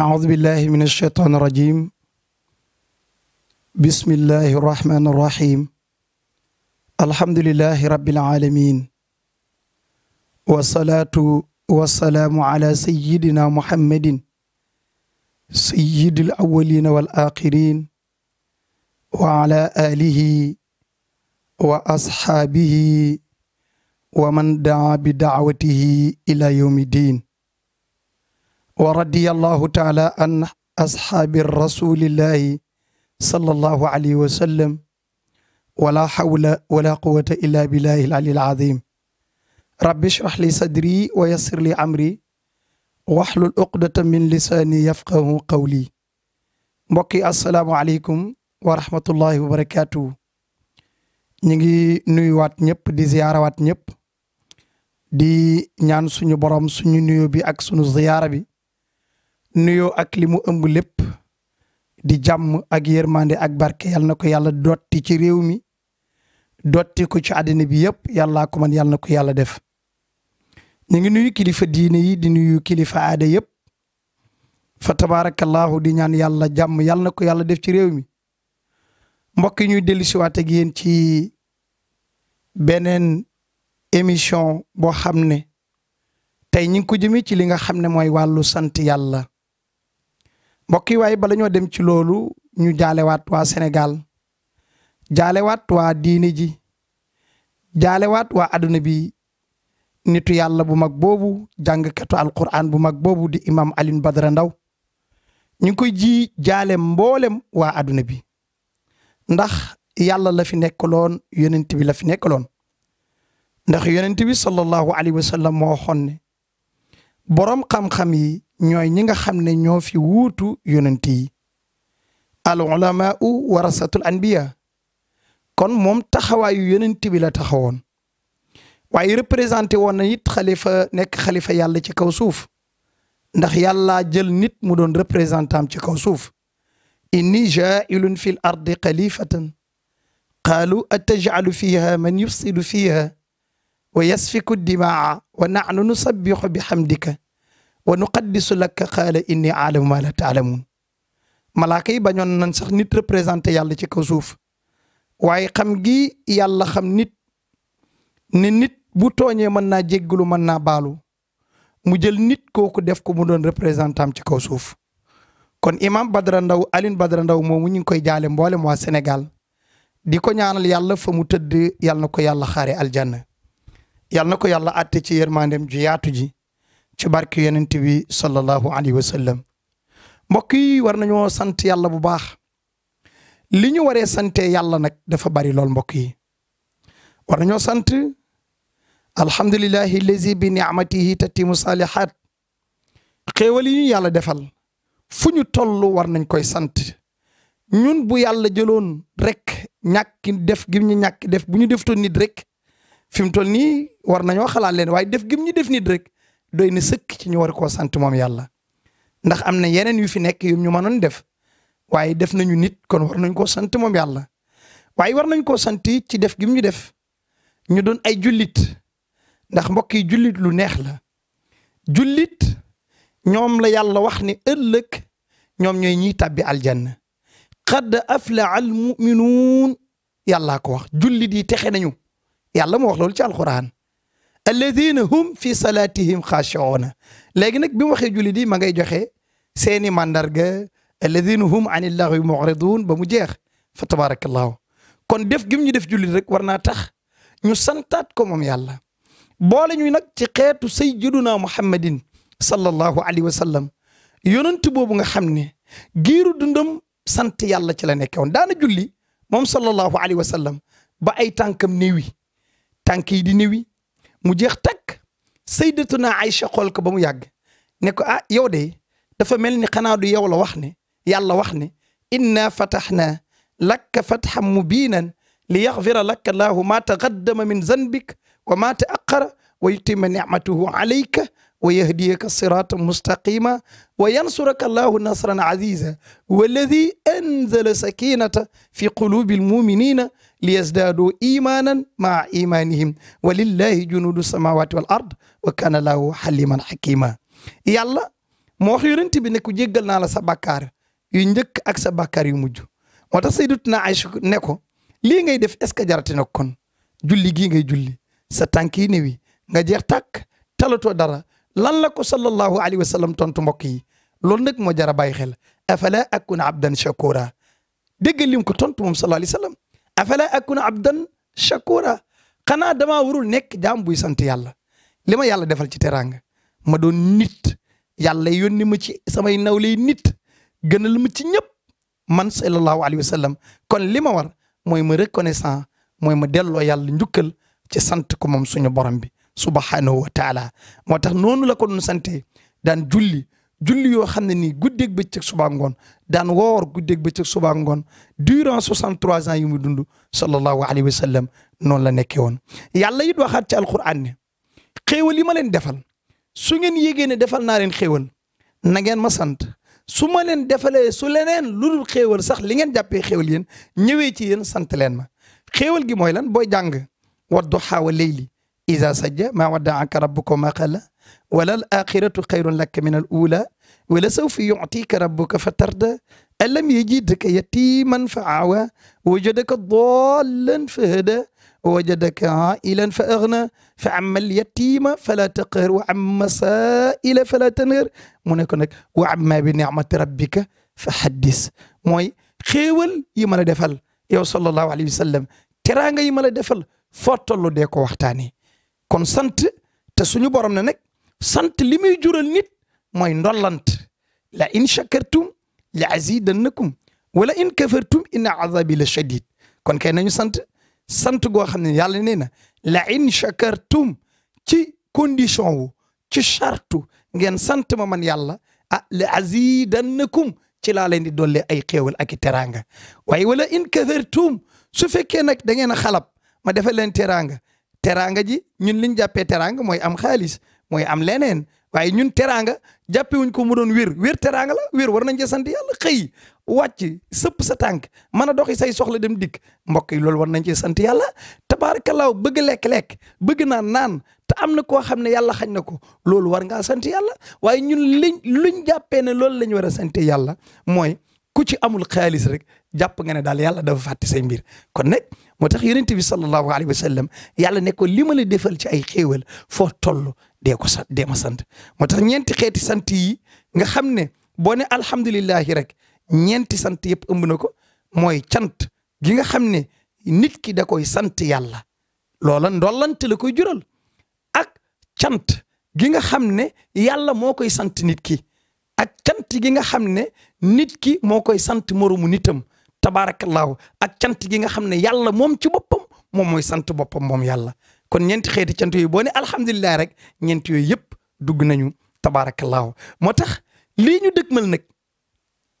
أعوذ بالله من الشيطان الرجيم بسم الله الرحمن الرحيم الحمد لله رب العالمين والصلاة والسلام على سيدنا محمد سيد الأولين والآخرين وعلى آله وأصحابه ومن دعا بدعوته إلى يوم الدين wa radiyallahu taala an ashaabi rasulillahi sallallahu alayhi wa sallam wala hawla wala quwwata illa billahi al-ali al-azim rabbi ishrah li sadri wa yassir li amri wahlul uqdatan min lisaani yafqahu qawli mbokk yi assalaamu aleykum wa rahmatullahi wa barakaatuh ñu ngi nuyuwaat ñëpp di ziyaarawaat ñëpp di ñaan suñu borom suñu nuyu bi ak suñu ziyaara bi nuyoo ak li mu ëmb lépp di jàmm ak yërmande ak barke yal na ko yàlla dotti ci réew mi dotti ko ci àddina bi yëpp yàllaa ko man yal na ko yàlla def ñu ngi nuyu kilifa diine yi di nuyu kilifa aada yëpp fa tabaarakallaahu di ñaan yàlla jàmm yal na ko yàlla def ci réew mi mbokk yi ñuy dellusiwaat ak yéen ci beneen émission boo xam ne tey ñu ngi ko jëmee ci li nga xam ne mooy wàllu sant yàlla mbokk yi waaye bala ñoo dem ci loolu ñu jaalewaat waa Sénégal jaalewaat waa diini ji jaalewaat waa àdduna bi nitu yàlla bu mag boobu jàngkatu alquran bu mag boobu di imam Alioune Badara Ndao ñu ngi koy ji jaale mboolem waa àdduna bi ndax yàlla la fi nekkaloon yonent bi la fi nekkaloon ndax yonent bi sallallahu alayhi wa sallam moo ne boroom xam-xam yi ñooy ñi nga xam ne ñoo fi wuutu yonent yi al ulamaau warasatul anbiya kon moom taxawaayu yonent bi la taxawoon waaye représenté woon na it xalifa nekk xalifa yàlla ci kaw suuf ndax yàlla jël nit mu doon représentant ci kaw suuf inni jaa'ilun fi l ardi xalifatan qaalu atajalu fiha man yufsidu fiha wa yasfiku dimaa wa naxnu nusabixu bi xamdika wa nuqaddisu laka qaala inni aalamu ma la taalamuun yi bañoon nañ sax nit représenté yàlla ci kaw suuf waaye xam gi yàlla xam nit ne nit bu tooñee mën naa jéggalu mën naa baalu mu jël nit kooku def ko mu doon représentant ci kaw suuf kon imam Badara Ndaw Alioune Badara Ndaw moomu ñu ngi koy jaale mboolem waa Sénégal di ko ñaanal yàlla fa mu tëdd yàlla na ko yàlla xaare aljanna yàlla na ko yàlla àtte ci yërmandeem ju yaatu ji ci barke yonent bi sallallahu alayhi wa sallam mbokk yi war nañoo sant yàlla bu baax li ñu waree sante yàlla nag dafa bari lool mbokk yi war nañoo sant alhamdulillahi lazi bi ni'matihi tatimu salihat xéewal yi ñu yàlla defal fu ñu toll war nañ koy sant ñun bu yàlla jëloon rek ñàkki def gim ñu ñàkk def bu ñu deftoon nit rek fi mu toll nii war nañoo xalaat leen waaye def gim ñu def nit rek doy na sëkk ci ñu war koo sant moom yàlla ndax am na yeneen yu fi nekk yu ñu mënoon def waaye def nañu nit kon war nañ koo sant moom yàlla waaye war nañ koo sant ci def gim ñu def ñu doon ay jullit ndax mbokk yi jullit lu neex la jullit ñoom la yàlla wax ni ëllëg ñoom ñooy ñiy tàbbi aljanna qad aflaha almuminuun yàllaa ko wax jullit yi texe nañu yàlla mu wax loolu ci alquran alladina hum fi salatihim xaashiuuna léegi nag bi mu waxee julli di ma ngay joxe seeni mandarga alladina hum anillaahi mu'ridun ba mu jeex fa tabarakallahu kon def gim ñu def julli rek war naa tax ñu santaat ko moom yàlla boole ñu nag ci xeetu sayyiduna muhammadin sallallahu alayhi wa sallam yonent boobu nga xam ne giiru dundam sant yàlla ci la nekke woon daana julli moom sallallahu alayhi wa sallam ba ay tànkam néewi tànk yi di néewi mu jeex takk sayyidatuna Aïcha xool ko ba mu yàgg ne ko ah yow de dafa mel ni xanaa du yow la wax ne yàlla wax ne inna fatahnaa lakka fathan mubiinan li yaxfira laka llaahu maa taqaddama min zanbik wa maa taaqara wa yutimma nicmatahu alayka wa yahdiyaka sirata mustaqima wa yansuraka allahu nasran aziza walladi anzala sakinata fi qulubi almuminina liyazdadu imanan maa imanihim wa lillahi junudu samawati wal wa kana lahu haliman hakima yàlla moo wax bi ne ko naa la sa bàkkaar yu njëkk ak sa bàkkaar yu mujj moo tax sayyidatuna Aysha ne ko lii ngay def est ce que jarate na kon julli gii ngay julli sa tànk yi néew yi nga jeex tàkk talatoo dara lan la ko sallallahu alayhi wa sallam tontu mbokk yi loolu nag moo jar a bàyyi xel afala akuna abdan shakura dégg lim ko tontu moom sallallahu alayhi wa sallam afala akuna abdan shakura xanaa dama warul nekk jaam buy sant yàlla li ma yàlla defal ci teraanga ma doon nit yàlla yónni ma ci samay nawley nit gënal ma ci ñëpp man sallallahu alayhi wa sallam kon li ma war mooy ma reconnaissant mooy ma delloo yàlla njukkal ci sant ko moom suñu borom bi subhanahu wa taala moo tax noonu la ko doon sante daan julli julli yoo xam ne nii guddeeg bëccëg subaa ngoon daan woor guddeeg bëccëg subaa ngoon durant 63 ans yu mu dund sallallahu alayhi wa sallam noonu la nekkee woon yàlla it waxaat ci alquran ne xéewal yi ma leen defal su ngeen yégee defal naa leen xéewal na ngeen ma sant su ma leen defalee su leneen lu dul xeewal sax li ngeen jàppee xéewal yéen ñëwee ci yéen sant leen ma xéewal gi mooy lan booy jàng wa duhaa wa layli isa sajja maa waddaaka rabbuka maa qala walal axiratu xayrun laka min al ula wala sawfa yutika rabbuka fa tarda alam yajidka yatiman fa awa wajadaka dallan fa hada wajadaka ailan fa agna fa amma al yatima fala taqhar wa amma saila fala tanhar mu ne ko nag wa amma bi nicmati rabbika fa haddis mooy xéewal yi ma la defal yow sallallahu alayhi wa sallam teraanga yi ma la defal foo tollu dee ko waxtaanee kon sant te suñu borom na nag sant li muy jural nit mooy ndollant la in shakartum la azidannakum wala in kafartum inna azabi la shadid kon kay nañu sant sant goo xam ne yàlla nee na la in shakartum ci condition wu ci chartu ngeen sant ma man yàlla ah la azidannakum ci laa leen di dolli ay xéewal ak i teraanga waaye wala in kafartum su fekkee nag da ngeen a xalab ma defe leen teraanga teraanga ji ñun liñ jàppee teraanga mooy am xaalis mooy am leneen waaye ñun teraanga jàppe wuñ ko mu doon wér wér teraanga la wiir war nañ cee sant yàlla xëy wàcc sëpp sa tànk mën a doxi say soxla dem dikk mbokk yi loolu war nañ cee sant yàlla tabaarakallaaw bëgg lek lekk bëgg naan naan te am na koo xam ne yàlla xañ na ko loolu war ngaa sant yàlla waaye ñun liñ luñ jàppee ne loolu la ñu war a sant yàlla mooy ku ci amul xaalis rek jàpp nga ne daal yàlla dafa fàtte say mbir kon nag moo tax yonent bi sallallahu alayhi wa sallam yàlla nekko ko li ma la defal ci ay xéewal foo toll dee ko sant dee ma sant moo tax ñeenti xeeti sant yi nga xam ne boo ne alhamdulilahi rek ñeenti sant yëpp ëmb na ko mooy cant gi nga xam ne nit ki da koy sant yàlla loolan ndollante la koy jural ak cant gi nga xam ne yàlla moo koy sant nit ki ak cant gi nga xam ne nit ki moo koy sant moromu nitam tabaarakallaahu ak cant gi nga xam ne yàlla moom ci boppam moom mooy sant boppam moom yàlla kon ñeenti xeeti cant yooyu boo ne alhamdulilah rek ñeenti yooyu yëpp dugg nañu tabaarakallaahu moo tax lii ñu dëgmal nag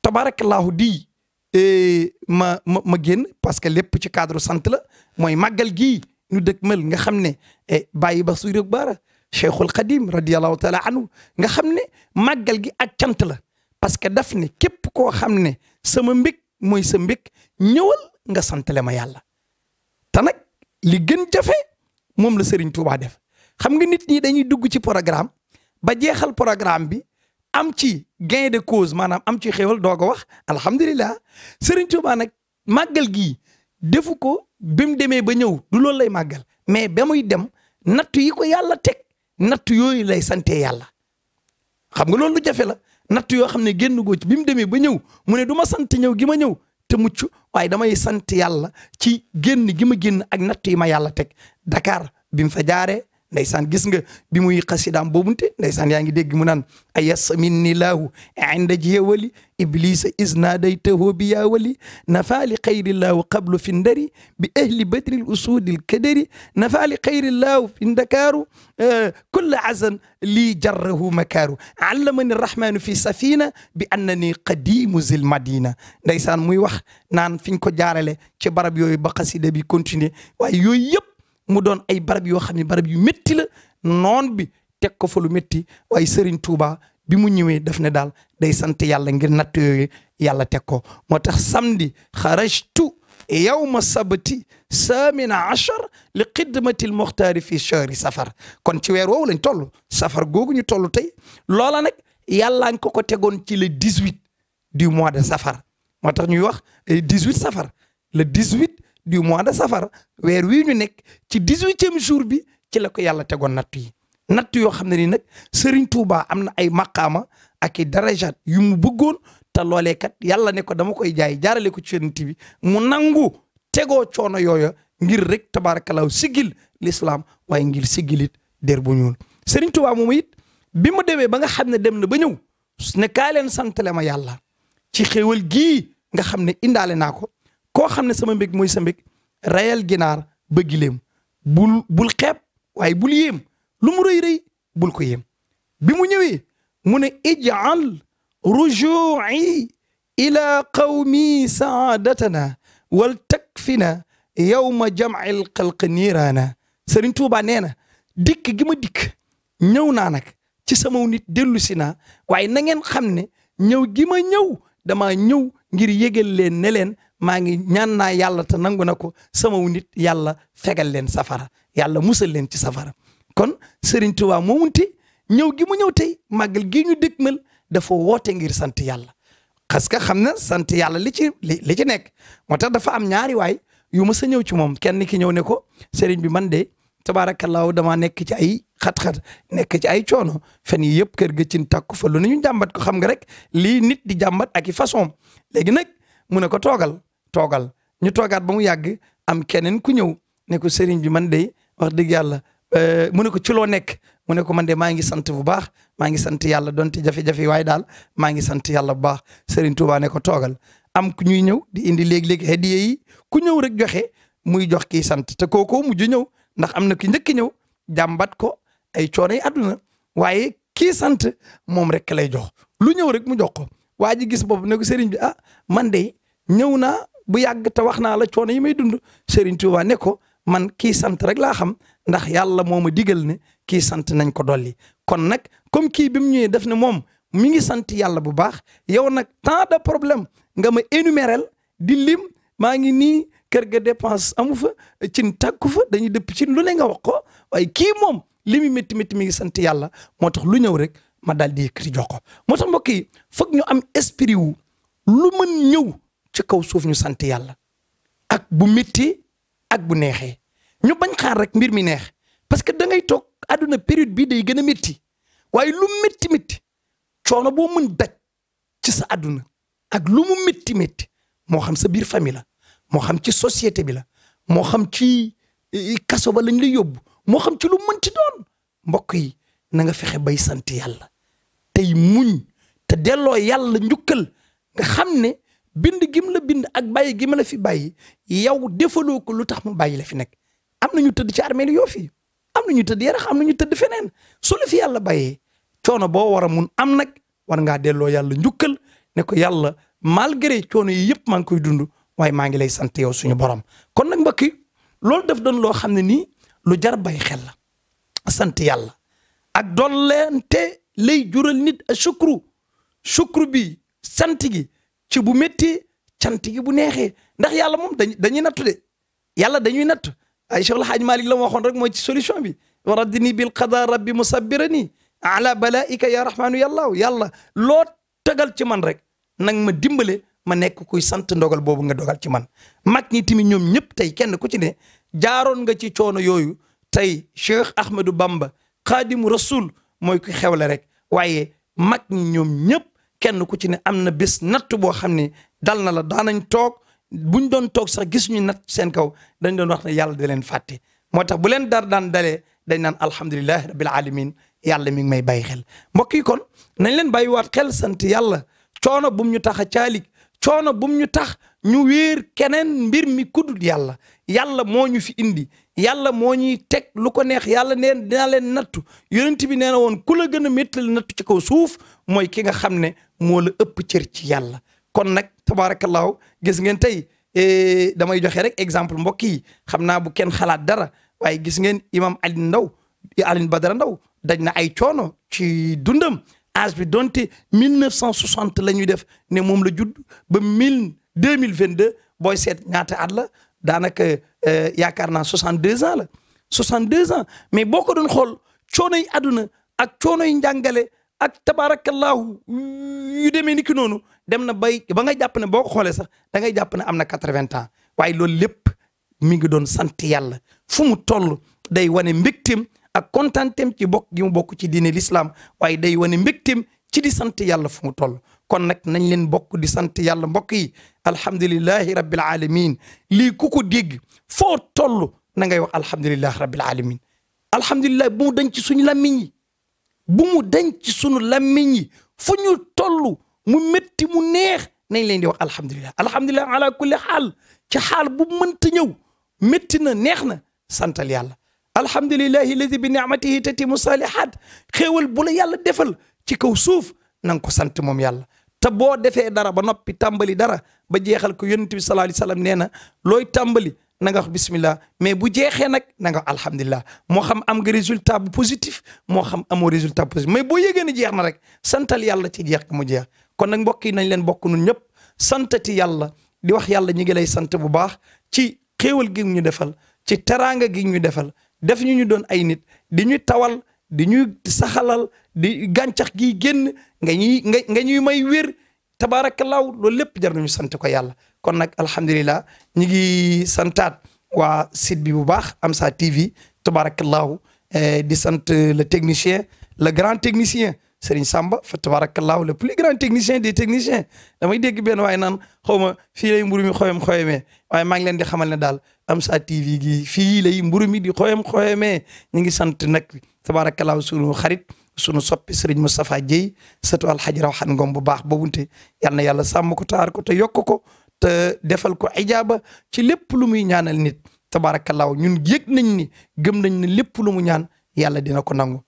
tabaarakallaahu di eh, ma ma ma génn parce que lépp ci cadre sant la mooy màggal gii ñu dëgmal nga xam ne bàyyi ba suy rek baara cheikhul qadim radiallahu taala anhu nga xam ne màggal gi ak cant la parce que daf ne képp koo xam ne sama mbég mooy sa mbég ñëwal nga santale ma yàlla te nag li gën jafe moom la Serigne Touba def xam nga nit ñi dañuy dugg ci programme ba jeexal programme bi am ci gain de cause maanaam am ci xéwal doog wax alhamdulilah Serigne Touba nag màggal gi defu ko bi mu demee ba ñëw du loolu lay màggal mais ba muy dem natt yi ko yàlla teg natt yooyu lay sante yàlla xam nga loolu lu jafe la natt yoo xam ne génn goo ci bi mu demee ba ñëw mu ne du ma sant ñëw gi ma ñëw te mucc waaye damay sant yàlla ci génn gi ma génn ak natt yi ma yàlla teg Dakar bi mu fa jaaree ndaysaan gis nga bi muy xasidaam boobunte ndaysaan yaa ngi dégg mu naan ayasmin ni laahu inda jiyawali iblisa isnaadaytahu bi li nafaali xayrillaahu qablu fi ndari bi ahli badril usuudil kadari nafaali xayrillaahu fi ndakaaru eh, kulla azan lii jarrahu makaaru allamani rahmaanu fi safina bi annani qadimu zil madina ndaysaan muy wax naan fiñ ko jaarale ci barab yooyu ba xasida bi continuer waaye yooyu yëpp mu doon ay barab yoo xam ne barab yu métti la noon bi teg ko fa lu métti waaye Serigne Touba bi mu ñëwee daf ne daal day sant yàlla ngir natt yooyu yàlla teg ko moo tax samedi xarajtu yawma sabti samina achar li xidmatil muxtaari fi chahri safar kon ci weer woowu lañ toll safar googu ñu toll tey loola nag yàllaa ngi ko ko tegoon ci le 18 du mois de safar moo tax ñuy wax 18 safar le 18 du mois de safar weer wii ñu nekk ci dix-huitième jour bi ci la ko yàlla tegoon natt yi natt yoo xam ne ni nag Serigne Touba am na ay maqaama ak i darajaat yu mu bëggoon te loolee kat yàlla ne ko dama koy jaay jaarale ko ci yonent bi mu nangu tegoo coono yooya ngir rek tabaarkalaaw sigil l'islam waaye ngir sigilit der bu ñuul Serigne Touba moom it bi mu demee ba nga xam ne dem na ba ñëw ne kaa ma yàlla ci xéwal gi nga xam ne indaale naa ko koo xam ne sama mbég mooy sa mbég rayal ginaar ba gileem bul bul xeeb waaye bul yéem lu mu rëy rëy bul ko yéem bi mu ñëwee mu ne ijal rujuci ila qawmi saadatana wal takfina yawma jamci lxalq niiraana Sëriñ Tuubaa nee na dikk gi ma dikk ñëw naa nag ci sama nit dellu si naa waaye na ngeen xam ne ñëw gi ma ñëw dama ñëw ngir yégal leen ne leen maa ngi ñaan naa yàlla te nangu na ko sama wu nit yàlla fegal leen safara yàlla musal leen ci safara kon Serigne Touba moomunte ñëw gi mu ñëw tey màggal gi ñu mël dafa woote ngir sant yàlla parce que xam na sant yàlla li ci li ci nekk moo tax dafa am ñaari waay yu ma sa ñëw ci moom kenn ki ñëw ne ko Serigne bi man de tabaarakallaahu damaa nekk ci ay xat-xat nekk ci ay coono fen yi yëpp kër ga cin takku fa lu ne ñu jàmbat ko xam nga rek lii nit di jàmbat ak i façon léegi nag mu ne ko toogal toogal ñu toogaat ba mu yàgg am keneen ku ñëw ne ko sëriñ bi man de wax dëgg yàlla euh, mu ne ko ci loo nekk mu ne ko man de maa ngi sant bu baax maa ngi sant yàlla donte jafe-jafe waaye daal maa ngi sant yàlla bu baax sëriñ Touba ne ko toogal am ku ñuy ñëw di indi léeg-léeg hadiya yi ku ñëw rek joxe muy jox kii sant te kookoo mujj ñëw ndax am na ki njëkk ñëw jàmbat ko ay coono yi àdduna waaye kii sant moom rek lay jox lu ñëw rek mu jox ko waa ji gis bopp ne ko sëriñ bi ah man de ñëw naa bu yàgg te wax naa la coono yi may dund ti Touba ne ko man kii sant rek laa xam ndax yàlla moo ma digal ne kii sant nañ ko dolli kon nag comme kii bi mu ñëwee def ne moom mi ngi sant yàlla bu baax yow nag tant de problème nga ma énumérer di lim maa ngi nii kër ga dépense amu fa cin takku fa dañuy dëpp cin lu ne nga wax ko waaye kii moom li mu métti métti mi ngi sant yàlla moo tax lu ñëw rek ma daal di yëkkati jox ko moo tax mbokk yi foog ñu am esprit wu lu mën ñëw. ci kaw suuf ñu sant yàlla ak bu métti ak bu neexee ñu bañ xaar rek mbir mi neex parce que da ngay toog àdduna période bii day gën a métti waaye lu métti métti coono boo mën daj ci sa àdduna ak lu mu métti moo xam sa biir famille la moo xam ci société bi la moo xam ci eh, kaso ba lañ lay yóbbu moo xam ci lu mënti doon mbokk yi na fexe bay sant yàlla tey muñ te delloo yàlla njukkal nga xam ne bind gim la bind ak bàyyi gim la fi bàyyi yow defaloo ko lu tax mu bàyyi la fi nekk am na ñu tëdd ci armée yoo fi am na ñu tëdd yarax am na ñu tëdd feneen su la fi yàlla bàyyee coono boo war a mun am nag war ngaa delloo yàlla njukkal ne ko yàlla malgré coono yi yëpp maa ngi koy dund waaye maa ngi lay sant yow suñu borom kon nag mbokk loolu daf doon loo xam ne nii lu jar bay xel la sant yàlla ak dolleente lay jural nit a sukru sukru bi sant gi. ci bu méttee cant gi bu neexee ndax yàlla moom dañuy dañuy nattu de yàlla dañuy nattu ay Cheikh El Hadj Malick la ma waxoon rek mooy ci solution bi waradini bil qada rabbi musabbirani ala balaika ya rahmanu yàllaaw yàlla loo tegal ci man rek nag ma dimbale ma nekk kuy sant ndogal boobu nga dogal ci man mag ñi tamit ñoom ñëpp tey kenn ku ci ne jaaroon nga ci coono yooyu tey Cheikh Ahmadou Bamba xaadimu rasul mooy ku xewle rek waaye mag ñi ñoom ñëpp kenn ku ci ne am na bés nattu boo xam ne dal na la daanañ toog buñ doon toog sax gisuñu natt seen kaw dañ doon wax ne yàlla da leen fàtte moo tax bu leen dar daan dalee dañ naan alhamdulilahi rabbil alamin yàlla mi ngi may bàyyi xel mbokk yi kon nañ leen bay bàyyiwaat kel sant yàlla coono bum ñu tax a coono bum ñu tax ñu wéer keneen mbir mi kuddul yàlla yàlla moo ñu fi indi yàlla moo ñuy teg lu ko neex yàlla neen dinaa leen nattu yonent bi nee na woon ku la gën a métti nattu ci kaw suuf mooy ki nga xam ne moo la ëpp cër ci yàlla kon nag tabaarakallaahu gis ngeen tey e, damay joxe rek exemple mbokk yi xam naa bu kenn xalaat dara waaye gis ngeen imam Alioune Ndao Alioune Badara ndaw daj na ay coono ci dundam âge bi donte 1960 la ñuy def ne moom la judd ba mille deux mille vingt deux booy seet ñaata at la daanaka euh, yaakaar naa 62 ans la 62 ans mais boo ko doon xool coonoy àdduna ak coonoy njàngale ak tabaarakallaahu yu demee ni noonu dem na bay ba nga jàpp ne boo xoolee sax da ngay jàpp ne am na 80 ans waaye loolu lépp mi ngi doon sant yàlla fu mu toll day wane mbégteem ak kontaanteem ci bokk gi mu bokk ci diine lislaam waaye day wane mbégteem ci di sant yàlla fu mu toll kon nag nañ leen bokk di sant yàlla mbokk yi alhamdulilahi rabbil alamin lii ku ko dégg foo toll na ngay wax alhamdulilahi rabbil alamin alhamdulilah bu mu dañ ci suñu làmmiñ yi bu mu dañ ci suñu làmmiñ yi fu ñu toll mu métti mu neex nañ leen di wax alhamdulilah alhamdulilah ala kulli xaal ci xaal bu mënta ñëw métti na neex na santal yàlla alhamdulillahi lazi bi ni'matihi tatimu salihat xéewal bu la yàlla defal ci kaw suuf na nga ko sant moom yàlla te boo defee dara ba noppi tàmbali dara ba jeexal ko yonent bi sallallahu alayhi wasallam nee na looy tàmbali na nga wax bismillah mais bu jeexee nag nanga nga alhamdulillah moo xam am nga résultat bu positif moo xam amoo résultat bu positif mais boo yëgee ne jeex na rek santal yàlla ci jeex mu jeex kon nag mbokk yi nañ leen bokk nun ñëpp santati yàlla di wax yàlla ñu ngi lay sant bu baax ci xéewal gi ñu defal ci teraanga gi ñu defal def ñu ñu doon ay nit di ñuy tawal di ñuy saxalal di gàncax gi génn nga ñuy nga nga ñuy may wér tabaarakallaahu loolu lépp jar nañu sant ko yàlla kon nag alhamdulilah ñu ngi santaat waa site bi bu baax Amsa TV tabaarakallaahu eh, di sant le technicien le grand technicien Serigne Samba fa tabarakallahu le plus grand technicien des techniciens damay dégg benn waaye naan xaw ma fii lay mburu mi xoyam xoyamee waaye maa ngi leen di xamal ne daal Amsa TV gi fii lay mburu mi di xoyam xoyamee ñu ngi sant nag tabarakallahu sunu xarit sunu soppi Serigne Moustapha Dieye sëtu alxaji Rawxaan Ngom bu baax boobunte yal na yàlla sàmm ko taar ko te yokk ko te defal ko ijaaba ci lépp lu muy ñaanal nit tabarakallahu ñun yëg nañ ni gëm nañ ne lépp lu mu ñaan yàlla dina ko nangu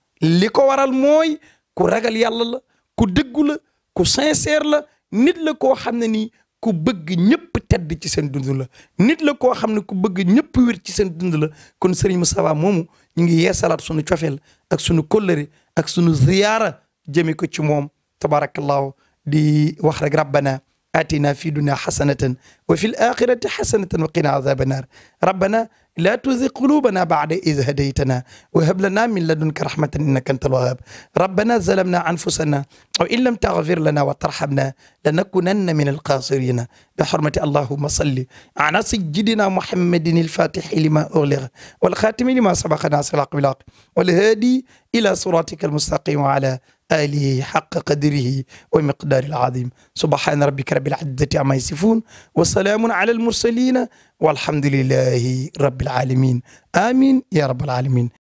ku ragal yàlla la ku dëggu la ku sincère la nit la koo xam ne nii ku bëgg ñëpp tedd ci seen dund la nit la koo xam ne ku bëgg ñëpp wér ci seen dund la kon Serigne Moustapha moomu ñu ngi yeesalaat sunu cofeel ak sunu kóllëre ak sunu ziyaara jëme ko ci moom tabarakallahu di wax rek rabbana atina fi dunya hasanatan wa fi l axirati xasanatan wa qina azaaba naar rabbana laa tuzig quluubana bacda id hadaytana wa hab lana min ladunka rahmatan innaka anta alwahhab rabbana zalamna anfusana wa in lam taxfir lana wa tarhamna lanakunanna min alxaasirina bi xurmati allahuma salli ala sayyidina muhammadin alfatixi lima ugliqa walxaatimi lima sabaqa naasir alxaq bilxaq walhaadi ila siratika almustaqim wa ala آله حق قدره ومقدار العظيم سبحان ربك رب العزة عما يصفون وسلام على المرسلين والحمد لله رب العالمين آمين يا رب العالمين